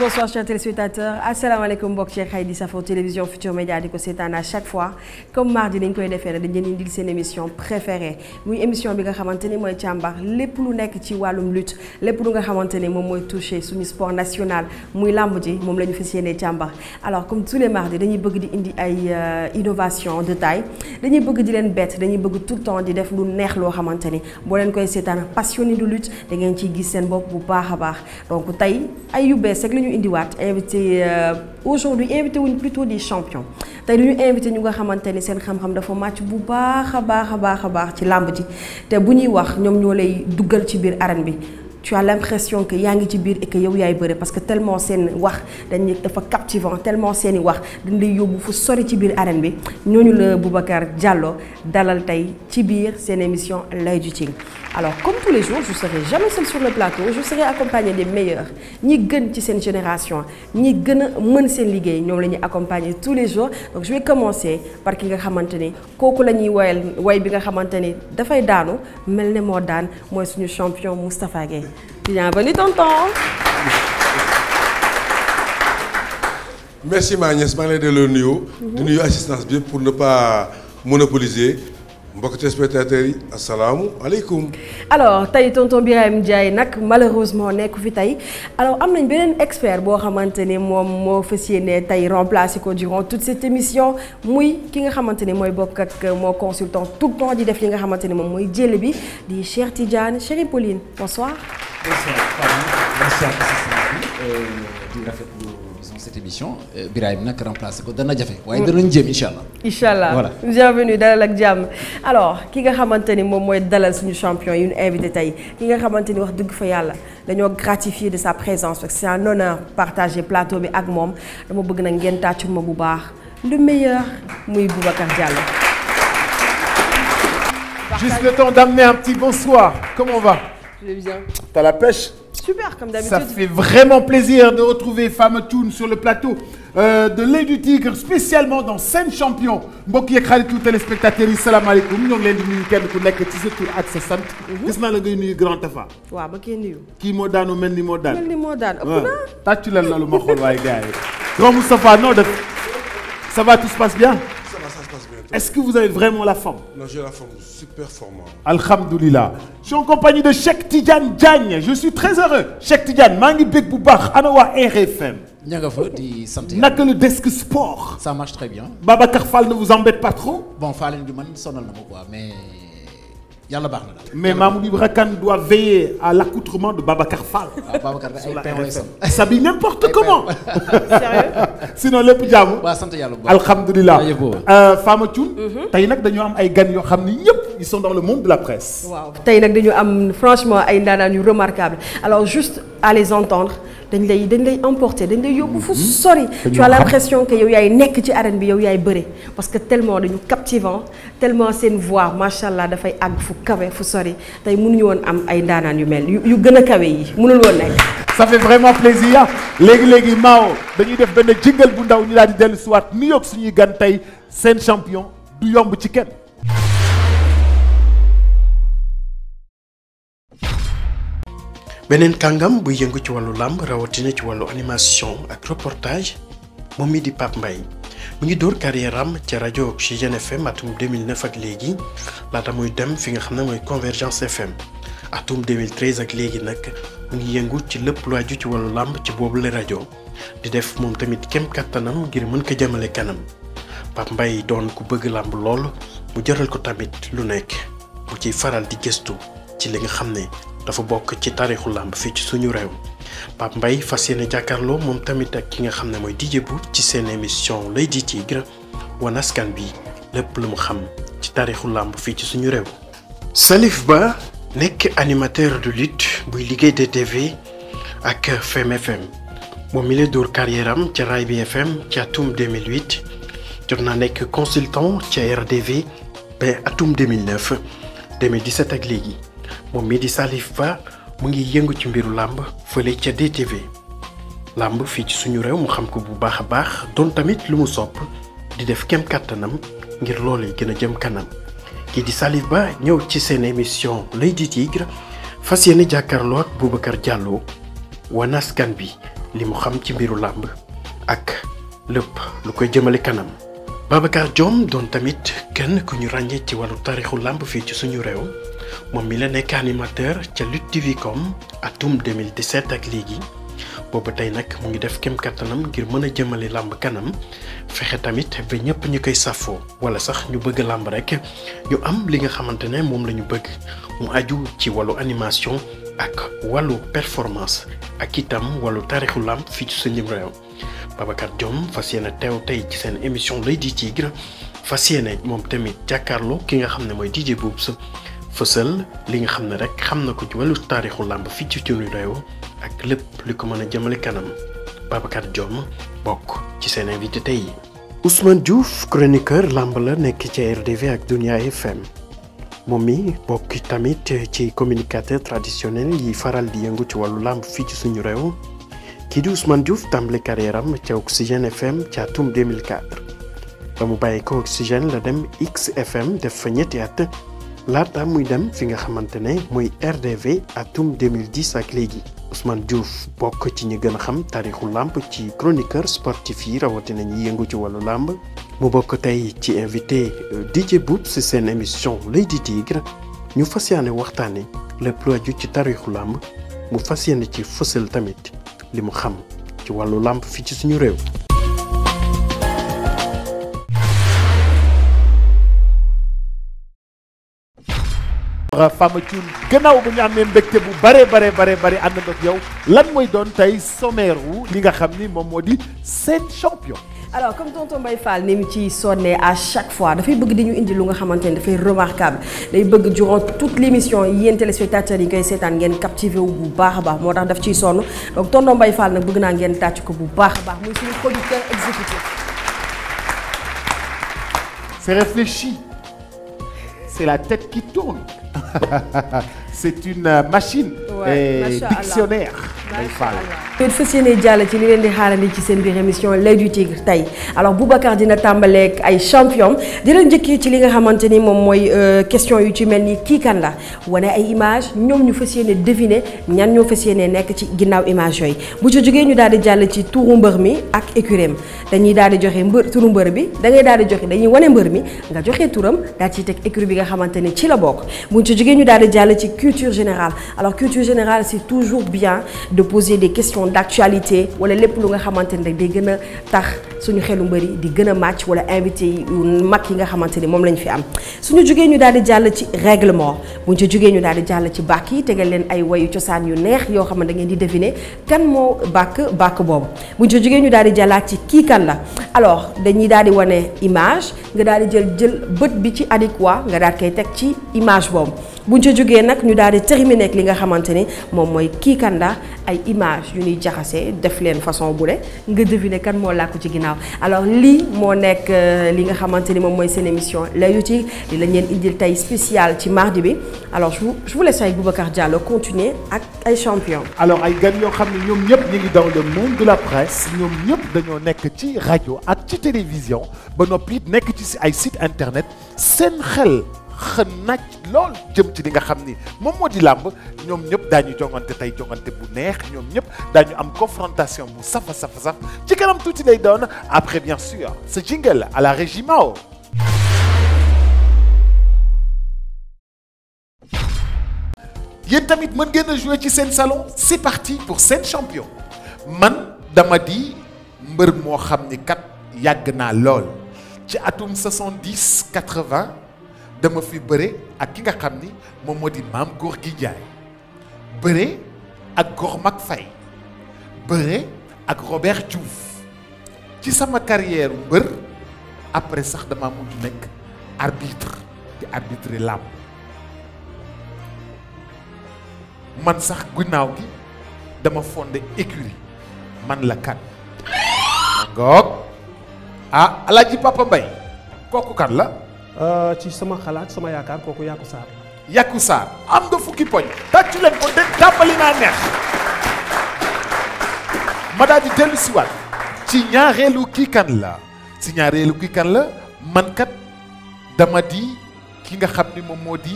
bonsoir chers téléspectateurs asalaamaaleykum mbokk ci xay di safo télévision Futur Média di ko seetaan à chaque fois mardi lépp lu nga xamante ni moom mooy touché suñu sport national muy làmb moom la ñu fas yéenee càmbar alors comme tous les mardis dañuy bëgg di indi ay euh, innovation de taille dañuy bëgg di leen bett dañuy bëgg tout le temps di def lu neex loo xamante ni boo leen koy seetaan passionné de lutte da ngeen ciy gis seen bopp bu baax a baax donc tey ay yu bees ñu indiwaat invité euh, aujourd'hui invité wuñ plutôt des champions tey du ñu invité ñu nga xamante ni seen xam-xam dafa màcc bu baax a baax a baax a baax ci làmb ji te bu ñuy wax ñoom ñoo lay duggal ci biir arène bi tu as l'impression yaa ngi ci biir yow yaay bëre parce que tellement seen wax dañ dafa captivant tellement seen i wax dañ lay yóbbu fu sori ci biir arène bi ñooñu la Boubacar Diallo dalal tey ci biir seen émission L'Oeil du Tigre alors comme tous les jours je serai jamais sur le plateau je serai accompagnée des meilleurs ñi gën ci seen génération ñi gën a mën seen liggéey ñoom la ñuy accompagner tous les jours donc je vais commencer par ki nga xamante ni kooku la ñuy woyal woy bi nga xamante ni dafay daanu mel ne moo daan mooy suñu champion Moustapha Gueye bienvenue tonton merci Magnès maa ngi lay delloo nuyu mhm. di nuyu assistance bi yëpp pour ne pas monopoliser mbokk téléspectateurs yi asalaamualeykum. alors tey tonton Birahim Ndiaye nag malheureusement nekku fi tey alors am nañ beneen expert boo xamante ne moom moo fas yéene tey remplacé ko durant toute cette émission muy ki nga xamante ne mooy bokk ak moo consultant tout le temps di def li nga xamante ne moom mooy jël bi di Cheikh Tidiane Chérie Pauline bonsoir. émission euh, Birahim nag remplacé ko dana jafe waaye danañ jëm incha allah. incha allah bienvenue dalal ak jàmm. alors ki nga xamante ni moom mooy dalal suñu champion yu ñu invité tey ki nga xamante ni wax dëgg fa yàlla dañoo gratifié de sa présence parce que c'est un honneur partager plateau bi ak moom dama bëgg na ngeen tàccu ma bu baax le meilleur muy Boubacar Diallo. juste le temps d'amener un petit bonsoir comment on va. Vous bien. T'as la pêche Super, comme d'habitude. Ça fait vraiment plaisir de retrouver Femme Toon sur le plateau euh, de l'œil du tigre spécialement dans Sen Champion mbokk yeeg xaritu téléspectateurs yi salaamaaleykum ñoo ngi leen sa tur ak sa mhm. grand Tafa. waaw ma koy nuyu. kii moo ni moo daan. mel ni moo daan ëpp na. tàccu leen loolu ma xool tout se passe bien. Est-ce que vous avez vraiment la forme Non, j'ai la forme. Super forme. Alhamdoulilah. Je suis en compagnie de Cheikh Tidiane Diagne. Je suis très heureux. Cheikh Tidiane, maa ngi bég bu baax ana waa RFM. ña nga di sant yàlla naka le desk sport. ça marche très bien. Babacar Fall ne vous embête pas trop. bon Fall du man sonal na ma mais. yàlla baax mais Mamoudou Ibra Kane doit veiller à l'accoutrement de Babacar Fall. waaw ah, Babacar ay pain lay sam n'importe comment. sinon lépp jaamu. waaw sant yàlla bu baax alhamdulilah. Euh, Fama Thioune. Mhm. nag dañoo am ay gan yoo xam ni ñëpp ils sont dans le monde de la presse. waaw nag dañu am franchement ay ndaanaan yu remarquable alors juste à les entendre. dañ lay dañ lay dañ lay yóbbu fu mhm. sori tu as l'impression que yow yaay nekk ci arène bi yow yaay bëre parce que tellement dañu captivant tellement seen voix macha allah dafay àgg fu kawe fu sori tey mënuñu woon am ay ndaanaan yu mel yu gën a kawe yi mënul woon nekk ça fait vraiment plaisir léegi-léegi Mao dañuy def benn jingle bu ndaw ñu daal di dellu siwaat nu yoog suñuy gan tey seen champion du yomb ci kenn beneen kàngam buy yëngu ci wàllu làmb rawatina ci wàllu animation ak reportage moom mi di Pape Mbaye mu ngi dóor carrière ràmb ca rajo Oxygène FM atum 2009 ak léegi laata muy dem fi nga xam ne mooy Convergence FM atum 2013 ak léegi nag mu ngi yëngu ci lépp lu aju ci wàllu làmb ci boobu la rajo di def moom tamit kem kattanam ngir mën ko jëmale kanam Pape Mbaye doon ku bëgg làmb lool mu jëlal ko tamit lu nekk mu ci faral di gëstu ci li nga xam ne dafa bokk ci taarixu làmb fii ci suñu réew Pape Mbaye fas yéene jàkkaarloo moom tamit ak ki nga xam ne mooy DJ Bou ci seen émission L'Oeil du Tigre wan askan bi lépp lu mu xam ci taarixu làmb fii ci suñu réew. Salif Ba nekk animateur de lit buy liggéey DTV ak Femme FM moom mi lay dóor carrière am ca Raay bi FM ci atum jot naa nekk consultant ca RDV ba atum 2009 2017 ak léegi. moom mii di Salif Ba mu ngi yëngu ci mbiru làmb fële ca DTV làmb fii ci suñu réew mu xam ko bu baax a baax doon tamit lu mu sopp di def kem kàttanam ngir loolee gën a jëm kanam kii di Salif Ba ñëw ci seen émission L'Oeil di Tigre fas yéene jàkkarloo ak Boubacar Diallo wan bi li mu xam ci mbiru làmb ak lépp lu koy jëmale kanam Babacar Diome doon tamit kenn ku ñu ràññee ci wàllu taarixu làmb fii ci suñu réew moom mi la nekk animateur ca Lutte TV com atum 2017 ak léegi boobu tey nag mu ngi def kem kattanam ngir mën a jëmale làmb kanam fexe tamit ba ñëpp ñu koy safoo wala sax ñu bëgg làmb rek ñu am li nga xamante ne moom la ñu bëgg mu aju ci wàllu animation ak wàllu performance ak itam wàllu taarixu làmb fii ci suñu réew Babacar Diome fas yéene teew tey ci seen émission L'Oeil du Tigre fas yéene moom tamit jàkkaarloo ki nga xam ne mooy DJ Boubs fësal li nga xam ne rek xam na ko ci wàllu taarixu làmb fii ci suñu réew ak lépp li ko mën a jëmale kanam Babacar Diome bokk ci seen invité tey Ousmane Diouf chroniqueur làmb la nekk ci RDV ak Dunia FM moom mi bokk tamit ci communicateur traditionnel yi faral di yëngu ci wàllu làmb fii ci suñu réew kii di Ousmane Diouf tàmbali yaram am ca Oxygène FM ca atum 2004 ba mu bàyyi ko Oxygène la dem fm def fa ñetti at. laata muy dem fi nga xamante ne mooy RDV atum 2010 ak léegi Ousmane Diouf bokk ci ñi gën a xam taarixu làmb ci chroniqueur sportif yi rawatina ñi yëngu ci wàllu làmb mu bokk tey ci invité DJ Boub si seen émission L'Oeil du Tigre ñu fas yéene waxtaane lépp lu aju ci taarixu làmb mu fas yéene ci fësal tamit li mu xam ci wàllu làmb fii ci suñu réew Fama Thioune gannaaw bu ñu amee mbégte bu bare bare bare lan mooy doon tey sommaire wu li nga xam ni moom moo di seen champion. alors comme tonton Mbaye Fall ni mu ci sonné à chaque fois dafay bëgg di ñu indi lu nga xamante ni dafay remarquable day bëgg durant toute l' émission yéen téléspectateurs yi koy seetaan ngeen captivé wu bu baax a baax moo tax daf ciy sonn donc tonton Mbaye Fall nag bëgg naa ngeen tàcc ko bu baax a baax muy suñu producteur exécutif. c'est la tête qui tourne. c'est une euh, machine. et dictionnaire. day faal. ngeen fas yéene jàll ci li leen di xaaral xaarandi ci seen biir émission l'Oeil du Tigre tey bu Boubacar dina tàmbaleek ay champion di leen njëkkee ci li nga xamante ni moom mooy euh, question yu ci mel ni kii kan la wane ay image ñoom ñu fas yéene deviner ñan ñoo fas yéene nekk ci ginnaaw image yooyu bu ci jógee ñu daal di jàll ci turu mbër mi ak écuréem dañuy daal di joxe mbër turu mbër bi da ngay daal di joxe dañuy wane mbër mi nga joxe turam daal ciy teg écurie bi nga xamante ni ci la bokk culture générale alors culture générale c'est toujours bien de poser de question d'actualité wala lépp lu nga xamante ni rek day gën a tax suñu xelu mbëri di gën a màcc wala invité yu mag yi nga xamante ni moom lañ fi am suñu jugee ñu daal di jàll ci réglement buñ ci jugee ñu daal di jàll ci bàkk yi tegal leen ay wayu cosaan yu neex yoo xam ne da ngeen di deviner kan moo bàkk bàkk boobu buñ ci jugee ñu daal di jàllaat ci kii kan la alors dañuy daal di wane image nga daal di jël jël bët bi ci adéquat nga daal koy teg ci image boobu buñ ca jógee nag ñu daal di terminer ak li nga xamante ni moom mooy kii kan la ay image yu ñuy jaxasee def leen façon bu ne nga deviner kan moo làkku ci ginnaaw alors lii moo nekk euh, li nga xamante ni moom mooy seen émission l'Oeil Utile ci la ñeen indil tey spécial ci mardi bi alors su vous laisse ay Boubacar Diallo continuer ak ay champion alors ay gan yoo xam ne ñoom ñëpp ñu ngi dans le monde de la presse ñoom ñëpp dañoo nekk ci rajo ak ci télévision ba noppi nekk ci ay site internet seen xel xënaaj lool jëm ci li nga xam ni moom moo di làmb ñoom ñëpp daañu jongante tey jongante bu neex ñoom ñëpp daañu am confrontation bu safa safa saf ci kanam tuuti lay doon après bien sûr ce jingle à la régie Mao yéen tamit mën ngeen a ci seen salon c'est parti pour seen champion man dama di mbër moo xam ni kat yàgg naa lool ci atum 70 80 dama fi bëre ak ki nga xam ni moom moo di maam góor gi Njaay bëre ak góor mag fay bëre ak Robert Diouf ci sama carrière mbër après sax dama mujj nekk arbitre di arbitre làmb man sax ginnaaw gi dama fondé écurie man la kan ngoog ah alaaji Papa Mbay kooku kan la Euh, ci sama xalaat sama yaakaar kooku yàqu saar yàqu saar am nga fukki poñ tàccu leen ko de naa neex ma daal di dellu siwaat ci ñaareelu kii kan la si ñaareelu kii kan la mankat kat dama di ki nga xam ni moom moo di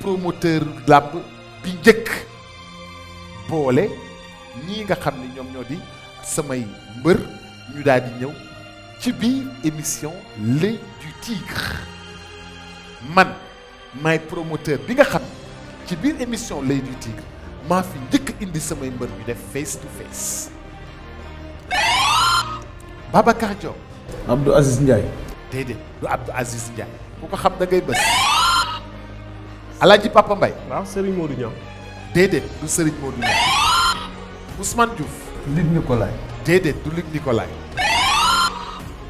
promoteur làmb bi njëkk boole ñii nga xam ni ñoom ñoo di samay mbër ñu daal di ñëw ci biir émission L'Oeil du man may promoteur bi nga xam ci biir émission lay du Tigre maa fi njëkk indi samay mbër ñu def face to face Babacar Diop. Abdou Aziz Ndiaye. déedéet du Abdou Aziz Ndiaye ku ko xam da ngay Alaaji Papa Mbaye. waaw Serigne Modou Niang. déedéet du Serigne Modou Niang. Ousmane Diouf. Luc Nicolaï. déedéet du Luc Nicolaï.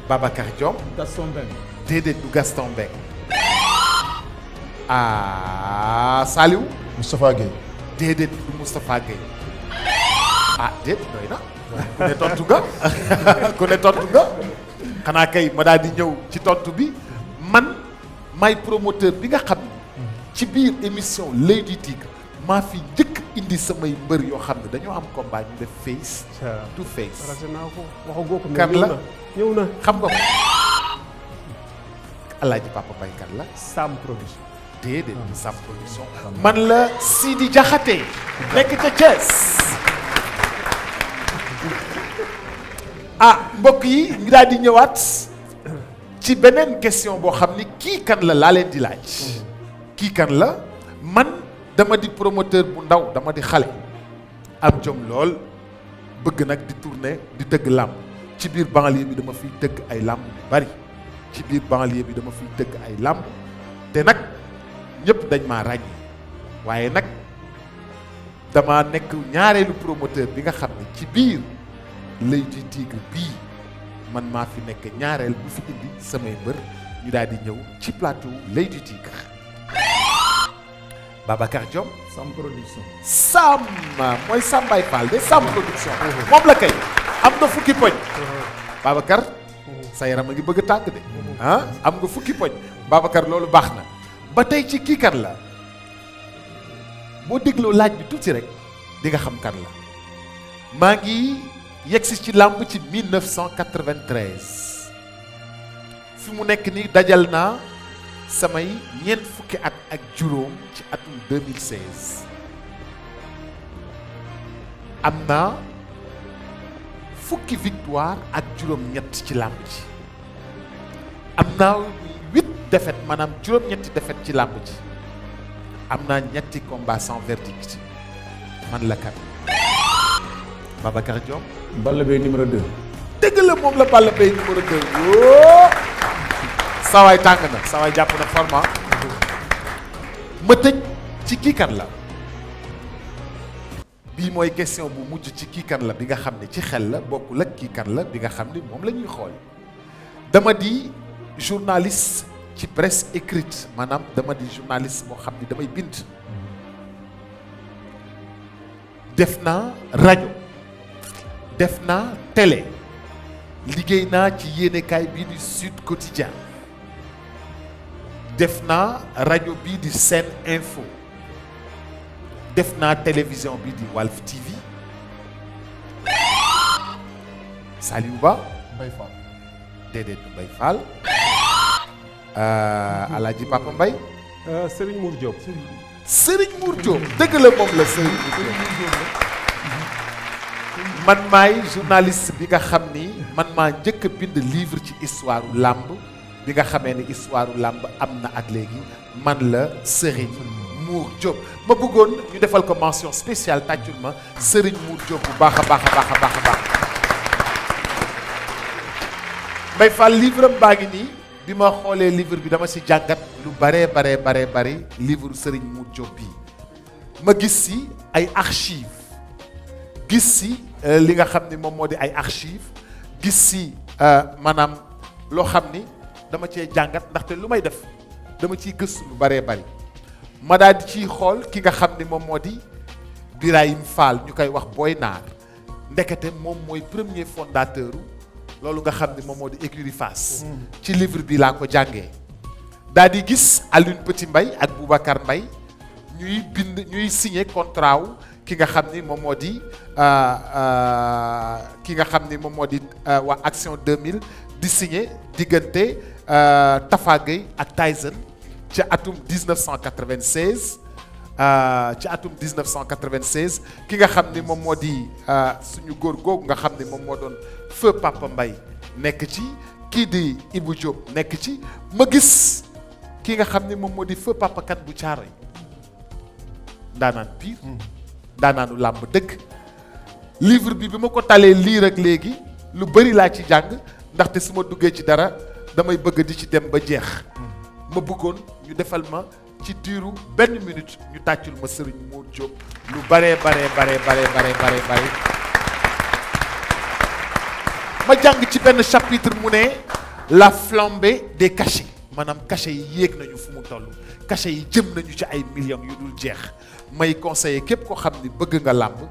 Babacar Diop. Gaston Mbengue. déedéet du Gaston Mbengue. ah Saliou. Moustapha Guèye. déedéet du Moustapha Guèye. ah déet doy na. ku ne tontu nga ku ne tontu nga xanaa kay ma daal di ñëw ci tontu bi man may promoteur bi nga xam ci biir émission L'Oeil du Tigre maa fi njëkk indi samay mbër yoo xam ne dañoo am combat ñu def face to face. kan la ñëw na xam nga ko. Alaaji Papa Mbaye kan la. Sam Production. déedéet ah. sa production ah, man la Sidi Diakhaté nekk ca Thiès ah mbokk yi ñu daal di ñëwaat ci beneen question boo xam ni kii kan la laa leen di laaj mm-hmm. kii kan la man dama di promoteur bu ndaw dama di xale am jom lool bëgg nag di tourner di tëgg làmb ci biir banlieue bi dama fiy tëgg ay làmb bu bari ci biir banlieue bi dama fiy tëgg ay làmp te nag ñëpp dañ maa ràññi waaye nag dama nekk ñaareelu promoteur bi nga xam ne ci biir l'Oeil du bii man maa fi nekk ñaareel bu fi indi samay mbër ñu daal di ñëw ci plateau l'Oeil du Tigre jom Diom Sam Production mooy Sam Baye de Sam Production moom la kay am na fukki poñ Babacar sa yaram a ngi bëgg a tànk de mm-hmm. ah, am nga fukki poñ Babacar loolu baax na ba tey ci kii kan la boo dégloo laaj bi tuuti rek di nga xam kan la maa ngi yegsi ci làmp ci 1993 fi mu nekk ni dajal na samay ñeent fukki at ak juróom ci atum 2016 am naa fukki victoire ak juróom ñett ci làmp ji am naa defet maanaam juróom-ñetti defet ci làmb ji am naa ñetti combat sans verdict man la kat Babacar Diop. Balla Gaye numéro 2. dëgg la moom la Balla Gaye numéro 2 yoo. sawaay tàng na sawaay jàpp na format ah. ma ci kii la bii mooy question bu mujj ci kii la bi nga xam ne ci xel la bokkul ak kii kan la bi nga xam ni moom lañuy xool dama di journaliste ci presse écrite maanaam dama di journaliste boo xam ni damay bind def naa rajo def naa tele liggéey naa ci yéenekaay bii di Sud Quotidien def naa rajo bii di Sen Info def naa télévision bi di Walf TV Saliou Ba Mbaye Fall déedéet Mbaye Fall Euh, alaaji Papa Mbaye euh, sëriñ Mour Diop Serigne Mour Diop dëgg la moom la Serigne man maay journaliste bi nga xam ni man maa njëkk a bind ci istuwaaru làmb bi nga xamee ni histoire làmb am na ak léegi man la Serigne Mour Diop ma bëggoon ñu defal ko mention spéciale tàccul ma Serigne Mour Diop bu baax a baax a baax a baax a baax Mbaye Fall baa ngi nii bi ma xoolee livre bi dama si jàngat lu baree baree baree bari livre Serigne mu Diop bii ma gis si ay archives gis si euh, li nga xam ni moom moo di ay archives gis si euh, maanaam loo xam ni dama cee jàngat ndaxte lu may def dama ciy gëstu lu baree bari ma daal di ciy xool ki nga xam ni moom moo di Birahim Fall ñu koy wax booy Naar ndekete moom mooy premier fondateur loolu nga xam ne moom moo di écurie Fass ci livre bi laa ko jàngee daal di gis Alioune Petit Mbaye ak Boubacar Mbaye ñuy bind ñuy signé contrat ki nga xam ni moom moo di euh, euh, ki nga xam ni moom moo di euh, waa Action 2000 di signé diggante Tafa Gueye ak Tyson ci atum 1996 ci atum 1996 ki nga xam ni moom moo di suñu góor googu nga xam ni moom moo doon feu Papa Mbaye nekk ci kii di ibu Diop nekk ci ma gis ki nga xam ne moom moo di feu Papa bu caaro yi daanaan piir hmm. daanaanu làmb dëgg livre bi bi ma ko talee lii rek léegi lu bari laa ci jàng ndaxte su ma duggee ci dara damay bëgg di ci dem ba jeex hmm. ma bëggoon ñu defal ma ci diiru benn minute ñu tàccul ma sëriñ Mor Diop lu bare bare bare bare bare bare bare ma jàng ci benn chapitre mu ne la flambée des cachets maanaam cachets yi yéeg nañu fu mu toll cachets yi jëm nañu ci ay millions yu dul jeex may conseiller képp ko xam ni bëgg nga làmb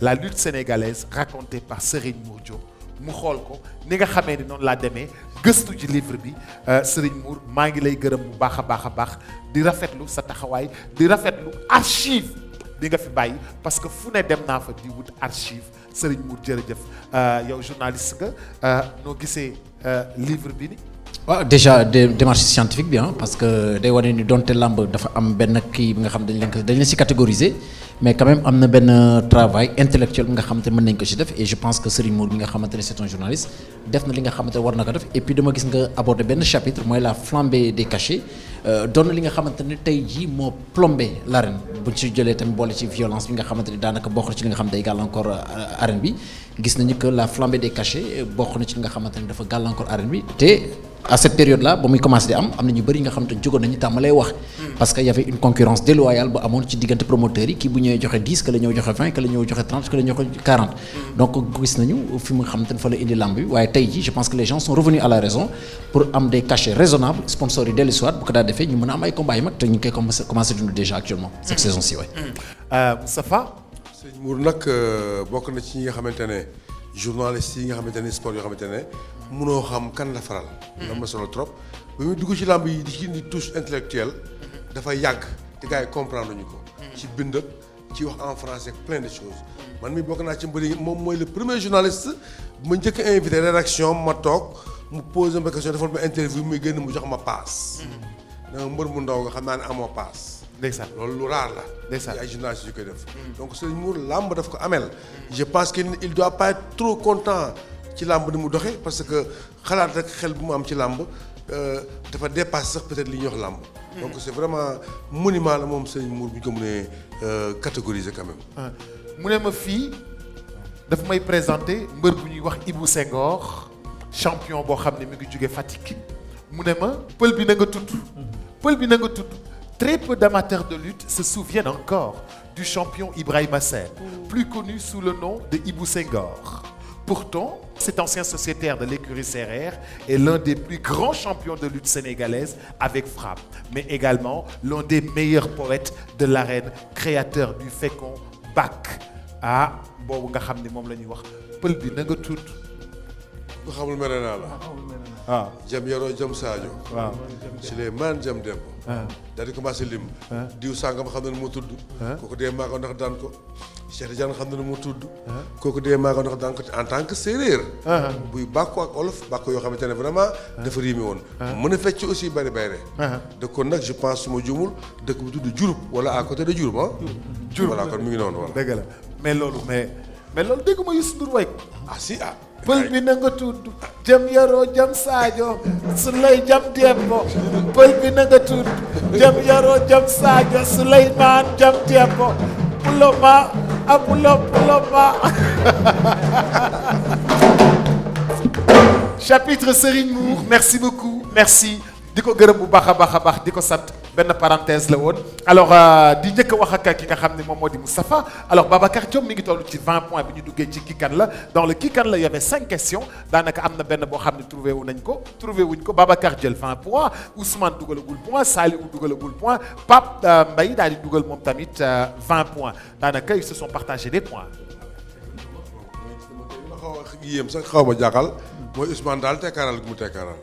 la lutte sénégalaise racontée par Serigne Mour Diop mu xool ko ni nga xamee ni noonu laa demee gëstu ji livre bi euh, Serigne Mour maa ngi lay gërëm bu baax a baax a baax di rafetlu sa taxawaay di rafetlu archive bi nga fi bàyyi parce que fu ne dem naa fa di wut archive Serigne Mour jërëjëf euh, yow journaliste nga euh, noo gisee euh, livre bi ni waaw ah, déjà démarche scientifique bi parce que day war ni donte lamb dafa am benn kii bi nga xam dañ leen ko dañ si catégoriser mais quand même am na benn travail intellectuel bi nga xamante mën nañ ko ci def et je pense que Serigne Mour nga xamante ne c'est un na li nga xamante war na ko def et puis nga aborder benn chapitre mooy la flambée des cachets euh, doon na li nga xamante ne tey jii moo plombé l'arène buñ si jëlee tamit boole ci violence bi nga xamante ni daanaka bokk na ci li nga xam day gàllankoor euh, arène bi gis nañu que la flambée de cachets bokk na ci li nga xamante ne dafa gàllankoor arène bi te à cette période là ba muy commencé di am am na ñu bëri nga xam te jógoon nañu tàmbalee wax. Hmm. parce que y une concurrence déloyale bu amoon ci diggante promoteurs yi kii bu ñëwee joxe 10 que ñëw joxe 20 que ñëw joxe 30 que ñëw joxe 40. Hmm. donc gis nañu fi mu xam te fa indi làmb bi waaye tey jii je pense que à la raison pour am des cachets raisonnables sponsors yi dellu si waat ko daa defee ñu mën a am ay combats mag te ñu journaliste yi nga xamante ne sport yoo xamante ne mënoo xam kan la faral. am na solo trop ba muy dugg ci làmb yi di ci indi touche intellectuelle dafa yàgg te gars yi comprendre ñu ko. ci bind ci wax en français plein de choses. man mi bokk naa ci mbir moom mooy le premier journaliste bu ma njëkk invité rédaction ma toog mu pose ma question defal ma interview muy génn mu jox ma paas. Mm-hmm. dama mbër mu ndaw nga xam naa ne amoo paas. ndeysaan loolu lu raar la. ndeysaan ay journalistes yu koy def. donc Serigne Mbour làmb daf ko ameel je pense que il doit pas être trop content ci làmb ni mu doxee parce que xalaat rek xel bu mu am ci làmb euh, dafa dépasse sax peut li ñuy wax làmb. donc c'est vraiment moniment la moom Serigne Mbour bu ñu ko mënee euh, catégoriser quand même. Ah. mu ne ma fii daf may présenter mbër bu ñuy wax Ibou Senghor champion boo xam ne mi ngi jóge Fatick mu ne ma pël bi na nga tudd. Mm-hmm. pël bi na nga tudd. Très peu d'amateurs de lutte se souviennent encore du champion Ibrahima Sène, mm. plus connu sous le nom de Ibou Senghor. Pourtant, cet ancien sociétaire de l'écurie Sérère est l'un des plus grands champions de lutte sénégalaise avec frappe, mais également l'un des meilleurs poètes de l'arène, créateur du fécond Bac. ah boobu nga xam ne moom la ñuy wax pël bi na nga tuut. nga waaw ah. jam yoroo jam Sadio. waaw ci les man jam dem ko. Ah. daal di commencé lim. Ah. diw sàngam xam na nu tudd. kooku dee maa ko ndax daan ko. Cheikh Tidiane xam na nu mu tudd. kooku dee maa ko ndax daan ko en tant que séeréer. buy bàkku ak olof bàkku yoo xamante ne vraiment. dafa riime woon. mën a fecc aussi bari bayre de kon nag je pense su ma jumul dëkk bu tudd Diouroup wala à côté de Diouroup ah. Diouroup mu ngi noonu voilà. dëgg la mais loolu mais mais dégg ma Youssou Ndour way ah pël bi na nga tudd jëm yaroo jëm saajo su lay jëm pël bi na tudd jëm yaroo jëm saajo su lay maan jëm dembo pulo chapitre Serigne Mour merci beaucoup merci di ko gërëm bu baax a baax a baax di ko sat benn parenthèse la woon alors euh, di njëkk a wax ak ki nga xam ne moom moo di Moustapha alors Babacar Diop mi ngi toll ci 20 points bi ñu duggee ci kii kan la dans le kii kan la y avait 5 questions daanaka am na benn boo xam ne trouvé wu nañ ko trouvé wuñ ko Babacar jël 20 points Ousmane dugalagul point Saliou gul point Pape euh, Mbaye daal di dugal moom tamit 20 euh, points daanaka ils se sont partagés des points. xaw a yéem sax xaw ma jaaxal mooy Ousmane daal tekkaaral gu mu tekkaaral.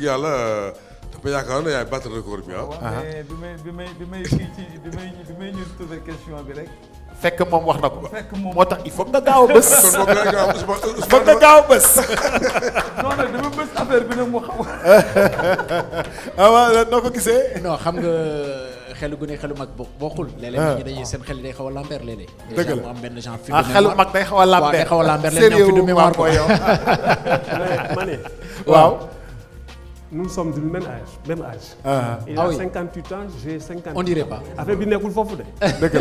yàlla. dafa yaakaar ne yaay battre record bi ah. waaw mais bi may bi may bi may kii ci bi may bi may ñu trouvé question bi rek. fekk moom wax na ko. fekk moom moo tax il faut nga gaaw a bës. kon moom nga gaaw a bës il faut nga gaaw a bës. non non dama bës affaire bi nag mu xaw a. waaw noo ko gisee. non xam nga xelu gu ne xelu mag bokkul. léeg-léeg nit ñi dañuy seen xel day xaw a lamber léeg-léeg. dëgg la mu am benn genre film. ah xelu mag day xaw a lamber waaw day xaw a lamber léeg-léeg ñoom film mémoire ko yow. ma ne waaw. nous sommes du même âge même âge. ah, ah. il ah a 58 ans j'ai 50. on bi nekkul foofu de. dëgg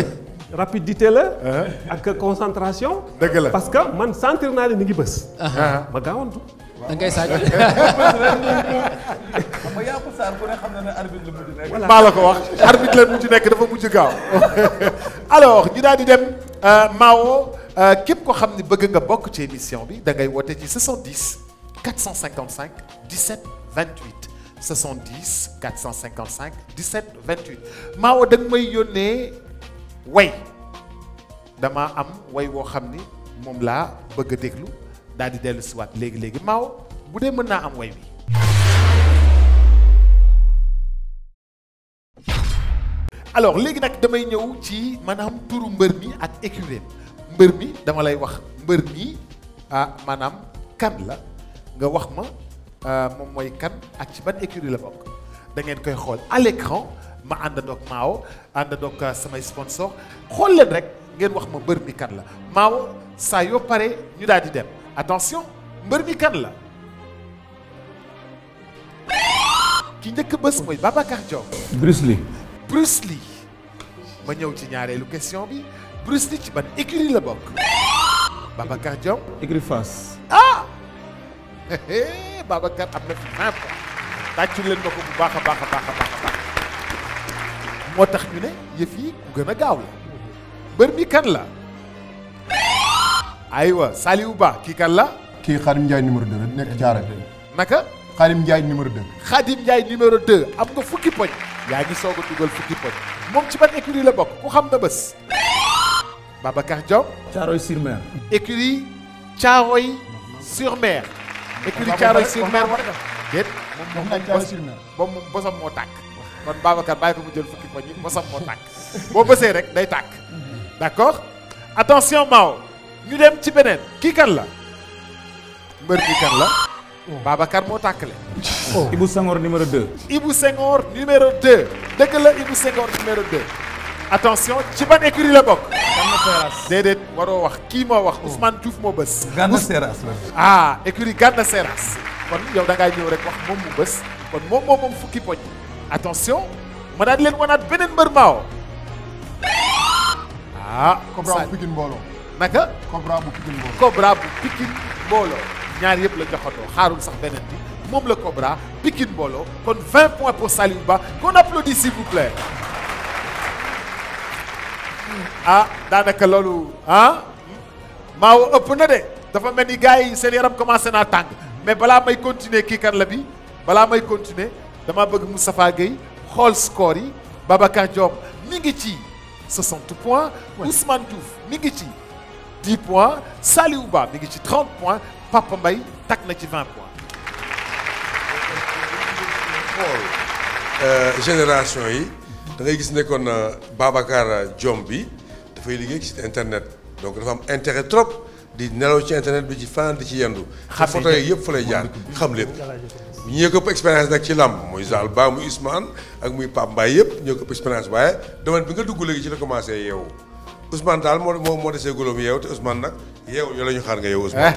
la rapidité la. Ah, ak concentration. dëgg la parce que man sentir naa ne mi ngi bës. ma gaawantu. ngay sàcc. xam nga Yacoub nekk. maa la ko wax arbitre la mujj nekk dafa mujj gaaw. alors ñu daal di dem euh, Mao euh, képp ko xam ne bëgg nga bokk ci émission bi da ngay woote ci 70 455 17. 28 70 455 17 28 Maawo da nga may yónnee way dama am way woo xam ni moom laa bëgg a déglu daal di dellu si léegi léegi Maawo bu dee mën naa am way bi. alors léegi nag damay ñëw ci maanaam turu mbër mi ak écurie mbër mi dama lay wax mbër mi ah maanaam kan la nga wax ma. Euh, moom mooy kan ak ci ban écurie la bokk dangeen koy xool à l'écran ma àndandoog Mao àndandoog euh, samay sponsor xool leen rek ngeen wax ma mbër mi kan la Mao saa yoo pare ñu daal di dem attention mbër mi kan la ki njëkk bés mooy Babacar Diop. Bruce Lee. Bruce Lee ma ñëw ci ñaareelu question bi Bruce Lee ci ban écurie la bokk Babacar Diop. écurie Babacar am na fi 20 points tàccu leen ma ko bu baax a baax a baax a baax moo tax ñu ne yëf yi ku gën a gaaw la mbër mi kan la aywa Saliou Ba kii kan la kii Xaadim Ndiaye numéro 2 nekk jaara naka Xaadim Ndiaye numéro 2 Xaadim Ndiaye numéro 2 am nga fukki poñ yaa ngi soog a dugal fukki poñ moom ci ban écurie la bokk ku xam na bés Babacar Diop Caaroy sur mer Caaroy sur écurie Thiaroye sur Mer déet moom ba mu bosam moo tàkk kon Babacar bàyyi ko mu jël fukki poñ yi bosam moo tàkk boo bësee rek day tàkk d'accord attention Mao ñu dem ci beneen kii kan la mbër bi kan la Babacar moo tàkkale oh. Ibou Senghor numéro 2 Ibou Senghor numéro 2 dëgg la Ibou Senghor numéro 2 attention ci ban écurie la bokk Gana Seras. déedéet waroo wax kii moo wax Ousmane Diouf moo bës. Ah, Gana Seras kon yow da ngaa ñëw rek wax moom mu bës kon moom moom moom fukki poñ. attention ma daal leen wanaat beneen mbër maaw. ah. Cobra bu Pikine mbooloo. naka. Cobra bu Pikine mbooloo. ñaar yëpp la joxatoo xaarul sax beneen bi moom la Cobra Pikine mbooloo kon pour Saliou Ba qu'on applaudit s'il vous plaît. ah daanaka loolu ah maaw ëpp na de dafa mel ni gars yi seen yaram commencé naa tàng mais balaa may continuer kii kan la bi balaa may continuer dama bëgg Moustapha Gueye xool score yi Babacar Diop mi ngi ci 60 points Ousmane mi ngi ci 10 points Saliou Ba mi ngi ci 30 points mbay Mbaye takk na ci 20 xool euh, génération yi da gis ne kon euh, Babacar euh, Diom bi dafay liggéey ci internet donc dafa am intérêt trop di nelaw ci internet bi ci fanaan di ci yendu. xam photo yëpp fa lay jaan xam lépp. bu ñu yëkkëpp expérience nag ci làmb muy Zal Ba muy ismaan ak muy Pape Mbaye yëpp ñu yëkkëpp expérience waaye domaine bi nga dugg léegi ci la commencé yeewu. Ousmane daal moo moo moo desee yeew te Ousmane nag yeew yow la xaar nga yeew Ousmane.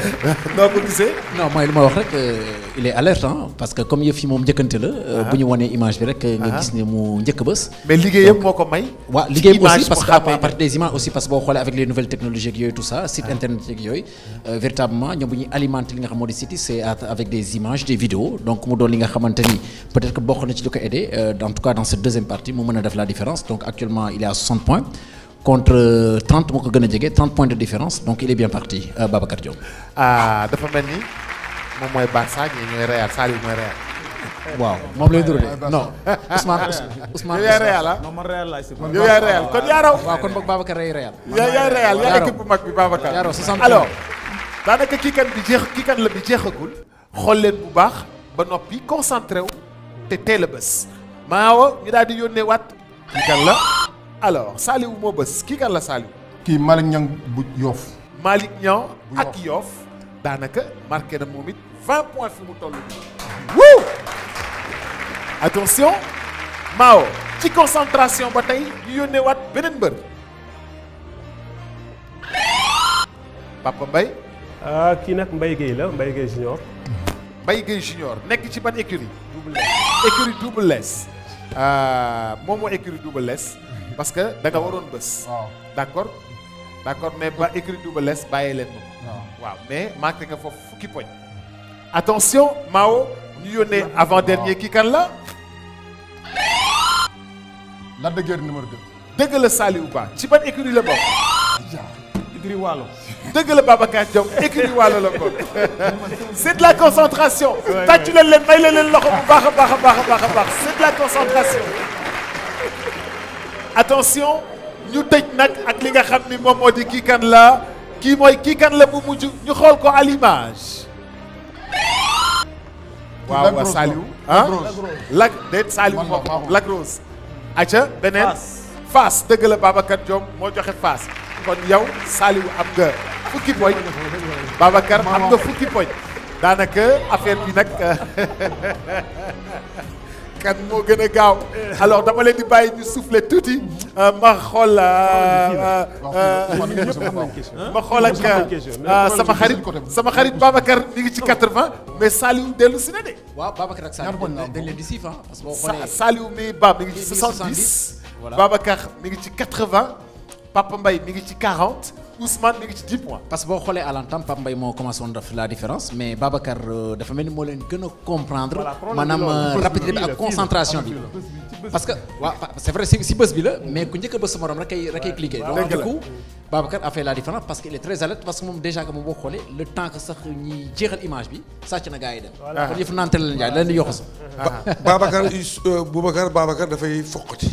noo ko gisee. non mooy li ma wax rek euh, il est alerte parce que comme yëf yi moom njëkkante la. Euh, ah. bu ñu wanee image bi rek. Euh, nga ah. gis ne mu njëkk bës. mais liggéeyam moo ko may. waaw liggéeyam aussi parce que à partir des images aussi parce que boo xoolee avec les nouvelles technologies yooyu tout site ah. internet yooyu. véritablement ñoom ñuy alimenter li nga xam moo di en contre 30 moo ko gën a jege 30 points de différence donc il est bien parti euh, Babacar Diop. ah dafa mel ni moom mooy Barça ñi ñooy Real Saliou mooy Real. waaw moom lay durale non Ousmane Ousmane. yow yaay ah? yow yaay Real kon yaa raw. waaw kon boog Babacar rey Real. yaay Real yaa équipe bu mag bi Babacar. yaa raw 60 alors kii kan bi jeex kii kan la bi jeexagul. xool leen bu baax ba noppi concentré wu te teel a bés. maa wo ñu daal di yónnee waat kii kan la. alors Saliou moo bës kii kan la Saliou. kii Malick Niang bu Yoff. Malick Niang ak Yoff daanaka marqué na moom it 20 points fi mu toll nii. attention Mao ci concentration ba tey ñu yónneewaat beneen mbër. Papa Mbaye. ah kii nag Mbaye Guèye la Mbaye Guèye junior. Mbaye Guèye junior nekk ci ban écurie. double double S. Ah, moom moo écurie double S. parce que da nga waroon bës. waaw d' mais ba écrit Double Less bàyyee leen waaw mais manqué nga foofu fukki poñ. attention Mao ñu yónnee avant dernier kii kan la. dëgg la Saliou Ba ci ban écurie la bokk. dëgg la Babacar Diom écurie Waalo la bokk. c'est la concentration. tàccu leen leen may leen leen loxo bu baax a baax a baax a baax c'est la concentration. attention ñu tëj nag ak li nga xam ni moom moo di kii kan la kii mooy kii kan la bu mujj ñu xool ko à l'image waaw Saliou ah Lac déet Saliou moo ko Lac Rose aca beneen Fass dëgg la Babacar Diom moo joxe Fass kon yow Saliou am nga fukki poñ Babacar am nga fukki poñ daanaka affaire bi nag kan moo gën a gaaw alors dama leen di bàyyi ñu souffler tuuti euh, ma xool euh, euh, ma xool ak sama xarit sama xarit Babacar mi ngi ci 80 mais Saliou dellu si na de. waaw Babacar ak Saliou dañ leen di siif parce que boo xoolee Saliou mi ba mi ngi ci 70 Babacar mi ngi ci 80 Papa mi ngi ci 40. parce que boo xoolee à l'entame Pape Mbaye moo commencé woon la différence mais Babacar euh, dafa moo leen gën a comprendre. maanaam euh, rapidité bi ak concentration bi. parce que waaw c'est vrai si bës bi la mais ku njëkk bës morom rek ay ay cliqué. donc du la différence parce que il est très alerte parce que moom déjà que moom boo xoolee le temps sax ñi jeexal image bi sàcc na gaa yi dem. voilà kon yëf euh, dafay foqati.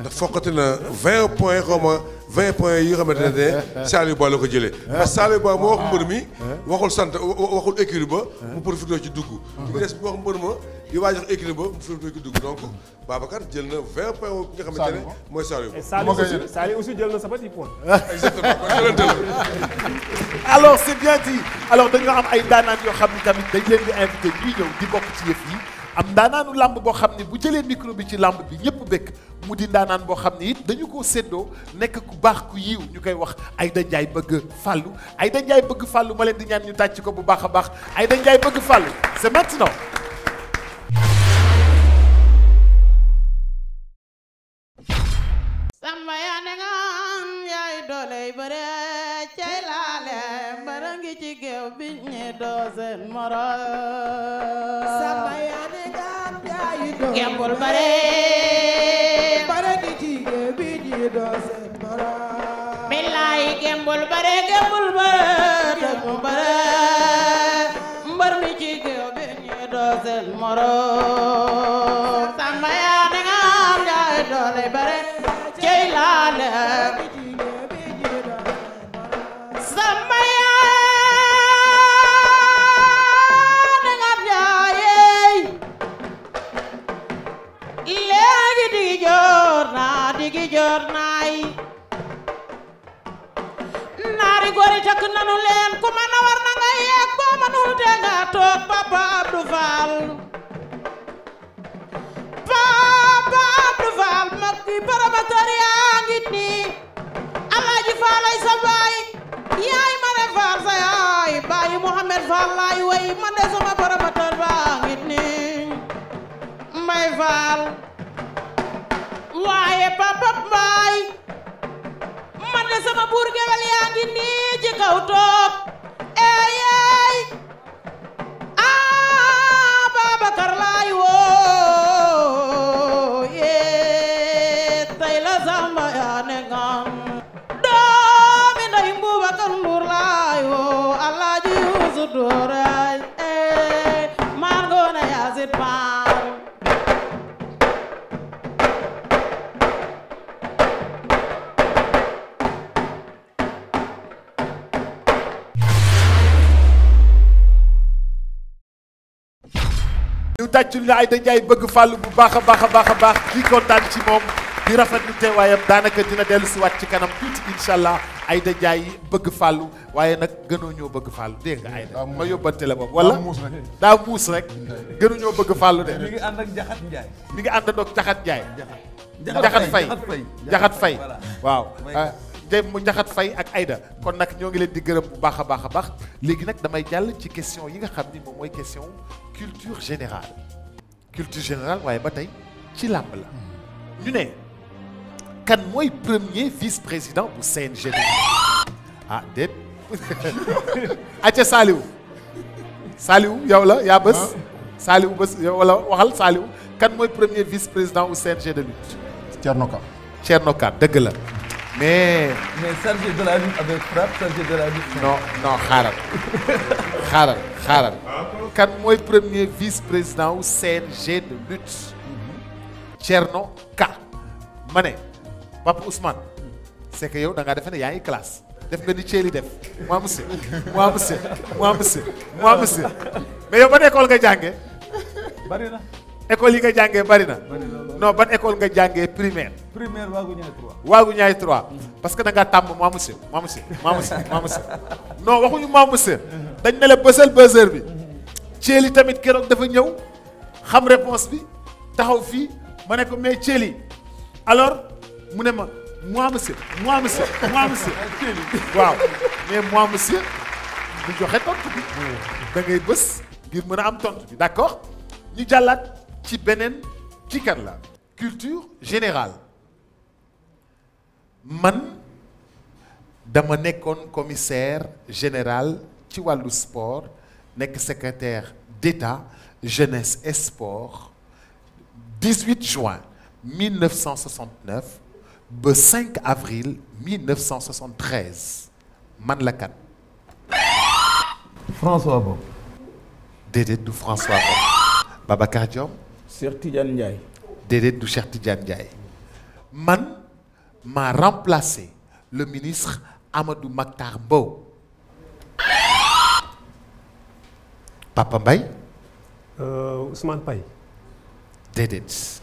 ndax foqati ma 20 points yi nga xamante ne Saliou Ba la ko jëlee parce que Saliou Ba moo wax mbër mi waxul sant waxul écurie ba mu profité ci dugg ci des mu ma di waaj ba mu profité ci dugg donc Babacar jël na 20 points yi nga xamante ne mooy Saliou Ba Saliou aussi jël na sa petit point exactement alors c'est bien dit alors dañoo am ay daanaan yoo xam ne tamit dañ leen di invité ñuy ñëw di bokk ci yëf yi am ndaanaanu làmb boo xam ne bu jëlee micro ci làmb bi ñëpp békk mu di ndaanaan boo xam ni it dañu koo séddoo nekk ku baax ku yiw ñu koy wax Aïda Ndiaye bëgg fàllu Aïda bëgg fàllu ma di ñaan ñu tàcc ko bu baax a baax Aïda Ndiaye bëgg fàllu c'est maintenant ngembul bare bare di jigéen bi ji doo seen bara billaay ngembul bare ngembul bare tegu bare mbar mi jigéen bi ji doo seen moro samba yaa e ne doole bare cey laa sër naay naari gori takk nanu leen ku mën a war na nga yeeg boo mënul te nga toog papa Abdou Fall papa Abdou Fall mag bi promoteur yaa ngi nii Alaaji Faalay sa baay yaay ma ne Fall sa yaay baayu Mouhamed Fall laay way man de sama promoteur baa ngi nii Mbay Fall waaye papa mbaay man de sama buur gewel yaa ngi nii ci kaw toog eye la Aïda Ndiaye bëgg fàllu bu baax a baax a baax a baax di kontaan ci moom di rafetlu teewaayam daanaka dina dellu si ci kanam incha allah Aïda Ndiaye bëgg fàllu waaye nag gënoo ñoo bëgg fàllu dégg nga Aïda ma yóbbante la boobu wala daa muus rek gënu ñoo bëgg fàllu de mi ngi ànd ak Jaxat mi ngi ànd ak Jaxat Ndiaye Jaxat Fay Jaxat Fay waaw ah, te mu njaxat fay ak ayda kon nag ñoo ngi leen di gërëm bu baax a baax a baax léegi nag damay jàll ci question yi nga xam ni moom mooy question culture générale culture générale waaye ba tey ci làmb la ñu ne kan mooy premier vice président bu CNG bi ah déet aca Saliou Saliou yow la yaa bës ah. Saliou bës yow wala waxal Saliou kan mooy premier vice président bu CNG de lutte Thierno Kane Thierno dëgg la mais. mais chargé de la lutte avec frappe chargé de la lutte. non non xaaral xaaral xaaral. kan mooy premier vice président wu CNG de lutte. Thierno Ka. ma ne Papa Ousmane. yow da ngaa defe ne yaa ngi classe. def nga ni Thiel def moi monsieur moi monsieur moi monsieur moi monsieur mais yow ban école nga jàngee. bari yi nga jàngee bari na. non ban école nga jàngee primaire. primaire waagu ñaay 3. waagu ñaay parce que da ngaa tàmm ma monsieur ma monsieur waxuñu ma dañ ne la bësal buzzer bi. Thiely tamit keroog dafa ñëw xam réponse bi taxaw fii ma ne ko mais Thiely alors mu ne ma moi monsieur moi monsieur moi monsieur. waaw mais moi monsieur du joxe tontu bi. da bës ngir mën a am tontu bi d'accord ñu jàllaat ci beneen. la culture générale man dama nekkoon commissaire général ci wàllu sport nekk secretaire d'État jeunesse et sport 18 juin 1969 ba 5 avril 1973 man la kan. François Bob. déedéet du François Bob. Babacar Diome. Cheikh Tidiane Ndiaye. déedéet du Cheikh Tidiane Ndiaye man ma remplacé le ministre Amadou Mactar Mbow. Papa mbay Euh, Ousmane Paye. déedéet.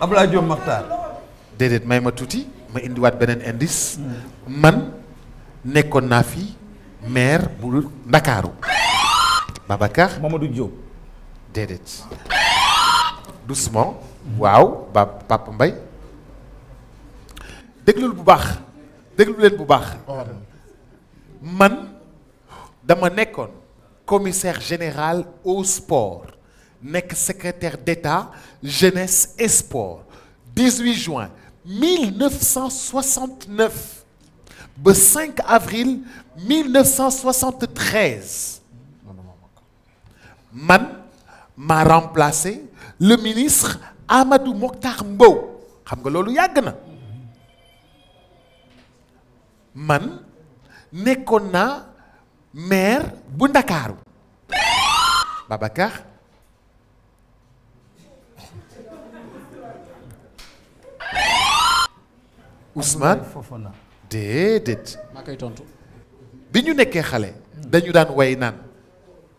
Abdoulaye Diop may ma tuuti ma indiwaat beneen indice. man nekkoon naa fi maire bu Ndakaaru. Babacar Mamadou Diop. déedéet doucement waaw ba Papa Mbaye déglul bu baax leen bu baax dama nekkoon commissaire général au sport nekk secrétaire d'État jeunesse et sport juin 1969 ba 5 avril 1973 man m'a remplacé le ministre Amadou Mokhtar Mbow xam nga loolu yàgg na man nekkoon naa maire bu Ndakaaru Babacar Ousmane déedéet maa koy bi ñu nekkee xale dañu daan way naan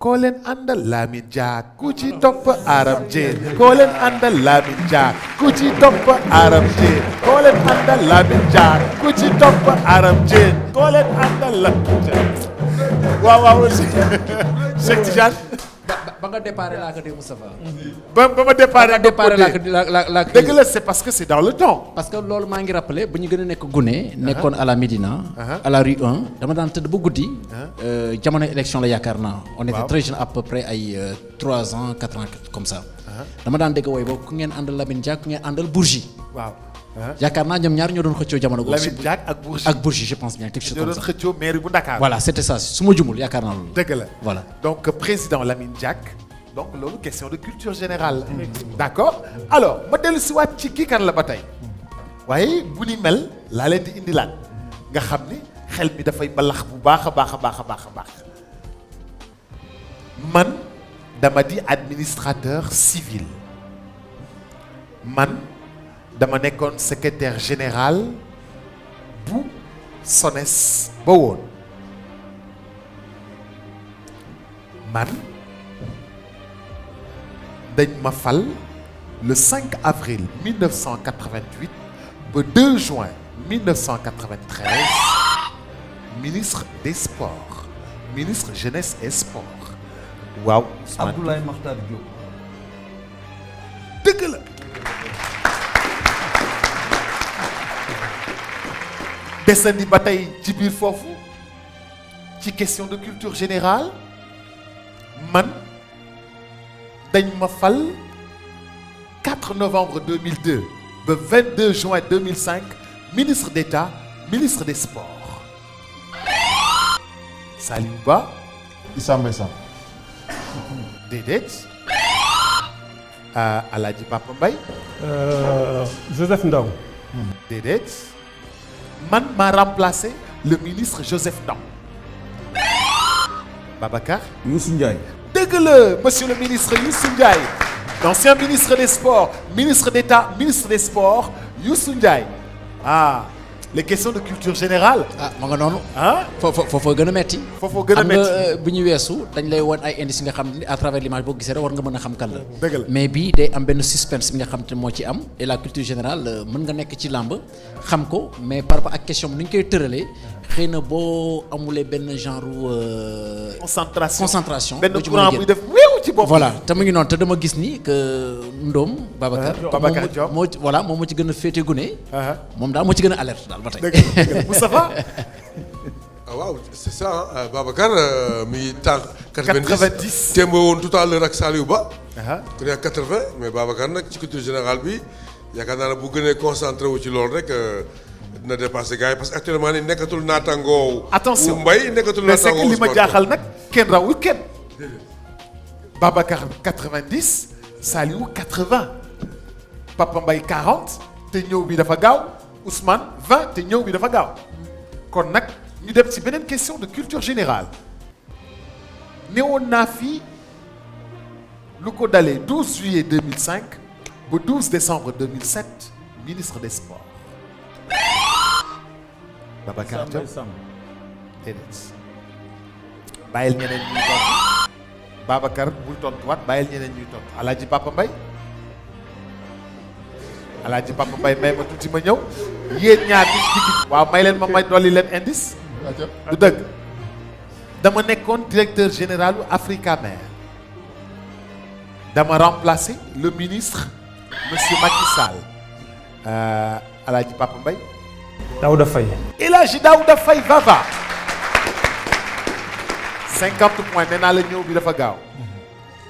koo leen àndal Lamine Diack ku ci topp Aram Jeen koo leen àndal Lamine Diack ku ci topp Aram Jeen koo leen àndal Lamine Diack ku ci topp Aram Jeen koo leen àndal Lamine Diack waaw waaw Cheikh Tidiane ba nga départ laa ko dee Moustapha. ba ma départ laa ko dee la c'est parce que c'est dans le temps. parce que loolu maa ngi rappelé bu ñu gën nekk gune. Uh-huh. nekkoon à la Médina. Uh-huh. à la rue 1 dama daan tëdd ba guddi. Uh-huh. Euh, jamono élection la yaakaar na on était très jeune à peu près ay 3 euh, ans comme ça. dama daan dégg wooy boobu ku ngeen àndal Lamine Dia ku ngeen àndal Bourgi. waaw. yaakaar naa ñoom ñaar ñoo doon xëccoo jamono boobu. Lamine Diack ak Bourgi ak Bourgi je pense bien quelque chose comme ça. ñoo doon xëccoo mairie bu Dakar. voilà c' était su ma jumul yaakaar naa loolu. dëgg la voilà donc président Lamine Diack. donc loolu question de culture générale d' alors ma dellu si waat ci kii kan la ba tey waaye bu ni mel laa leen di indilaat nga xam ni xel mi dafay balax bu baax a baax a baax a baax a baax man dama di administrateur civil dama nekkoon secrétaire général bu SONES ba man dañ ma fal le 5 avril 1988 ba 2 juin 1993 ministre des sports ministre jeunesse et sport waaw Abdoulaye desandi ba tey ci biir foofu ci question de culture générale man dañ ma fal 4 novembre 2002 ba 22 juin 2005 ministre d'État ministre des sports Saliou Ba Issa Mbaye Sam déedéet euh, Alaaji Papa Mbaye euh, Joseph Ndaw déedéet man maa remplacé le ministre Joseph Ndam Babacar Youssou Ndiaye dëgg la monsieur le ministre Youssou Ndiaye l'ancien ministre des sports ministre d'État ministre des sports Youssou Ndiaye ah les questions de culture générale. ah ma nga noonu. ah foofu foofu gën a metti. foofu euh, bu ñu weesu dañ lay woon ay indi indices nga xam ne à travers l'image boo gisee rek war nga mën a xam kan la. dëgg la mais bii day am benn suspense bi nga xam te moo ci am et la culture générale euh, mën nga nekk ci làmb xam ko mais par rapport ak question bi ni ñu koy tëralee xëy na boo amulee benn genre. Euh, concentration concentration. benn courant buy def ci voilà te mu ngi noonu te dama gis nii que Ndom. Babacar Babacar moo ci voilà moom moo ci gën a féete gune. Ah ah. moom daal moo ci gën a alerte daal ba tey. dëgg la Moustapha ah, waaw c'est ça hein, euh, Babacar euh, mi ngi tànk. 90 woon tout à l'heure ak Saliou Ba. ku nekk 80 mais Babacar nag ci culture générale bi yaakaar naa ne bu gënee concentré wu ci lool rek. Euh, dina dépassé gars yi parce que actuellement ni nekkatul naataangoo. attention wu mbay nekkatul naataangoo. mais c'est que li ma jaaxal nag kenn rawul Babacar 90 Saliou 80 Papa Mbaye 40 te ñëw bi dafa gaaw Ousmane 20 te ñëw bi dafa gaaw kon nag ñu dem ci beneen question de culture générale newoon naa fii lu ko dalee 12 juillet 2005 ba 12 décembre 2007 ministre des sports. Babacar Diop déedéet bàyyil ñeneen Babacar bul tontuwaat bàyyil ñeneen ñuy tontu alaaji Papa Mbaye alaaji Papa Mbaye may ma tuuti ma ñëw yéen ñaar di digg waaw may leen ma may dolli leen indice du dëgg dama nekkoon directeur général u Africamer dama remplacer le ministre monsieur Macky Sall euh, alaaji Papa Mbaye Daouda Faye El Hadji Daouda Faye Vava cinquante points nee naa la ñëw bi dafa gaaw mhm.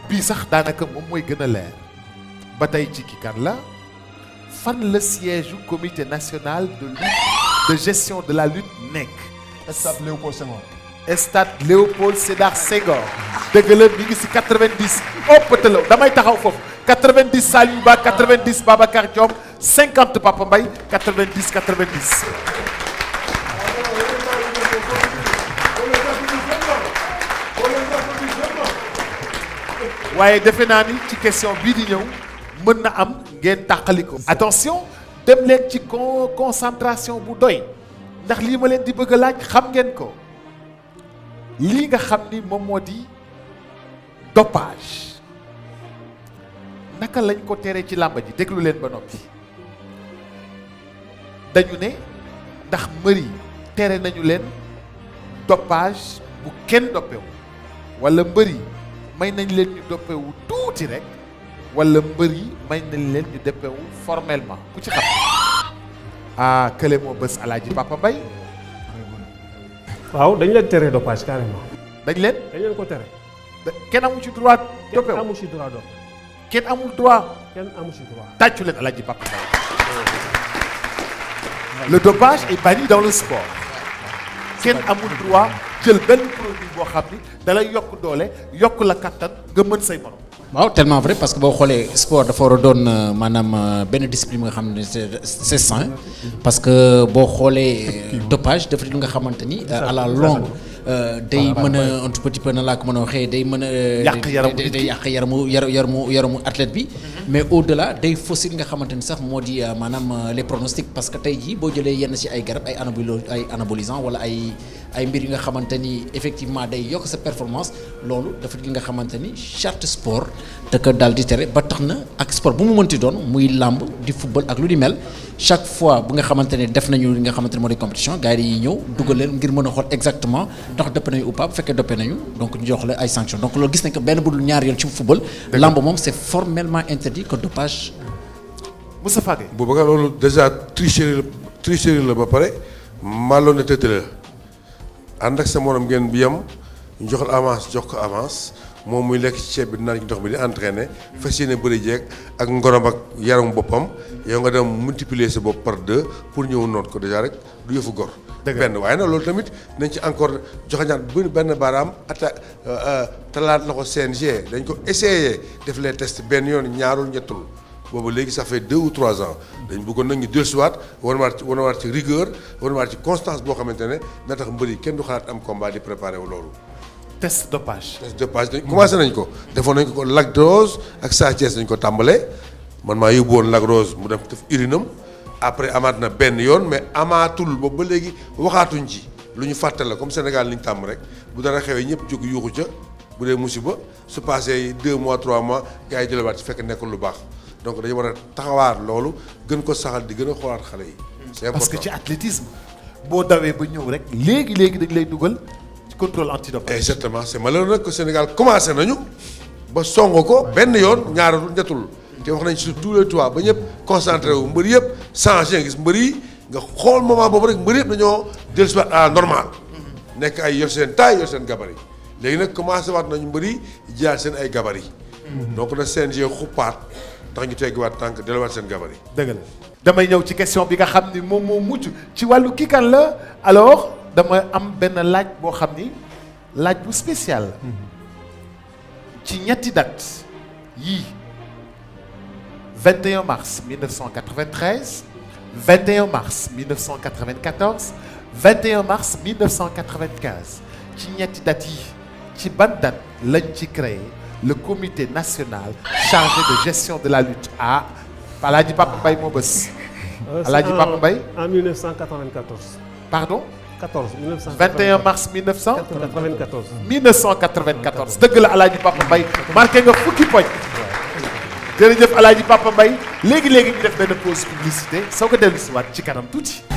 bii sax daanaka moom mooy gën a leer ba tey ci ki kan la fan la siège u comité national de lutte de gestion de la lutte nekk. stade Léopold Senghor. stade Léopold Sédar Senghor. dëgg la mi ngi si 90 ëppate la damay taxaw foofu 90 Saliou Ba 90 Babacar Diop 50 Papa Mbaye 90 90. waaye defe naa ni ci question bii di ñëw mën na am ngeen tàqali ko. attention dem leen ci con concentration bu doy ndax lii ma leen di bëgg a laaj xam ngeen ko lii nga xam ni moom moo di dopage naka lañ ko teree ci làmba ji déglu leen ba noppi dañu ne ndax mbër yi tere nañu leen dopage bu kenn doppewu wala mbër may nañ leen ñu doppewu tuuti rek wala mbër yi may nañ leen ñu doppewu formellement ku ci xam ah kële moo bés alaaji Papa Mbaye waaw dañ leen tere dopage carrément. dañ leen. dañ leen ko kenn ci droit. doppewu amu ci droit dopp. kenn amul droit. kenn amu ci droit. tàccu leen alaaji Papa Mbaye. le dopage est banni dans le sport. kenn amul droit jël benn produit boo xam ni dalay yokk doole yokk la kattan nga mën say morom. waaw tellement vrai parce que boo xoolee sport dafa war a doon euh, maanaam euh, benn discipline nga xam ne c'est sain parce que boo xoolee euh, dopage dafa di lu nga xamante ni la longue. Euh, day mën a un petit laa ko mën a waxee day mën a. Euh, yàq yaramu day yàq yaramu yaramu yaramu athlète bi. Mhm. mais au la day fossile nga xamante ni sax moo di euh, maanaam les pronostics parce que tey jii boo jëlee yenn ci ay garab ay anabolo ay anabolisant wala ay. ay mbir yi nga xamante ni effectivement day yokk sa performance loolu dafa li nga xamante ni charte sport da ko daal di tere ba tax na ak sport bu mu mënti doon muy làmb di football ak lu di mel chaque fois bu nga xamante ne def nañu li nga xamante ne moo di compétition gars yi dañuy ñëw dugal leen ngir mën a xool exactement ndax doppe nañu ou pas bu fekkee doppe nañu donc jox la ay sanctions donc loolu gis nañ ko benn bu dul ñaar yoon ci football. làmb moom c'est formellement interdit que dopage. Moussa Fage. bu baax loolu déjà tricherie la tricherie ànd ak sa morom ngeen bi yem ñu jox avance jox ko avance moom muy lekk ci ceeb bi naan ci ndox bi di entraîné fas yéene bëri jeeg ak ngorom ak yaram boppam yow nga dem multiplier sa bopp par de pour ñëw noot ko déjà rek du yëfu gor. benn waaye nag loolu tamit nañ ci encore joxañaat bu benn baaraam ata euh, euh, talaat la ko CNG dañ ko essayé def les tests benn yoon ñaarul ñettul. boobu léegi sa fait deux ou trois ans dañ bëggoon nag ñu dellusiwaat wanawaat ci wanawaat ci rigueur wanawaat ci constance boo xamante ne na tax mbër yi kenn du xalaat am combat di préparé wu loolu. test dopage. test dopage commencé nañ ko defoon nañ ko Lac Rose ak Sa Thiès dañ ko tàmbalee man maa yóbbu woon Lac Rose mu def def urinam après amaat na benn yoon mais amaatul boobu ba léegi waxaatuñ ci lu ñu fàttale comme Sénégal liñ tàmm rek bu dara xewee ñëpp jóg yuuxu ca bu dee musiba su passé deux mois trois mois gars yi jëlawaat ci fekk nekkul lu baax. donc dañu war a taxawaar loolu gën ko saxal di gën a xoolaat xale yi. c'est important parce que ci athlétisme boo dawee ba ñëw rek léegi léegi dañ lay dugal ci contrôle antidopage. exactement c'est malheureux nag que Sénégal commencé nañu ba song ko benn yoon ñaaratul ñettul te wax nañ sur tous les toits ba ñëpp concentré wu mbër yëpp changé gis mbër yi nga xool moment boobu rek mbër yëpp dañoo dellu si waat à normal nekk ay yor seen taille yor seen gabarit léegi nag commencé waat nañu mbër yi jaar seen ay gabarit hmm. donc na CNG tax ñu waat tànk delluwaat seen gabar yi. dëgg la damay ñëw ci question bi nga xam ni moom moo mujj ci wàllu kii kan la alors damay am benn laaj boo xam ni laaj bu spécial ci ñetti date yii 21 mars 1993 21 mars 1994 21 mars 1995 ci ñetti date yi ci ban date lañ ci créé. le comité national chargé de gestion de la lutte ah Alaaji Papa Mbaye moo bës. Euh, Alaaji Papa Mbaye en 1994. pardon. 14 1994 21 mars 1994. 1994 dëgg la Alaaji Papa Mbaye marqué nga fukki poñ. jërëjëf Alaaji Papa Mbaye léegi léegi ñu def benn pause publicité soo ko dellu dellusiwaat ci kanam tuuti.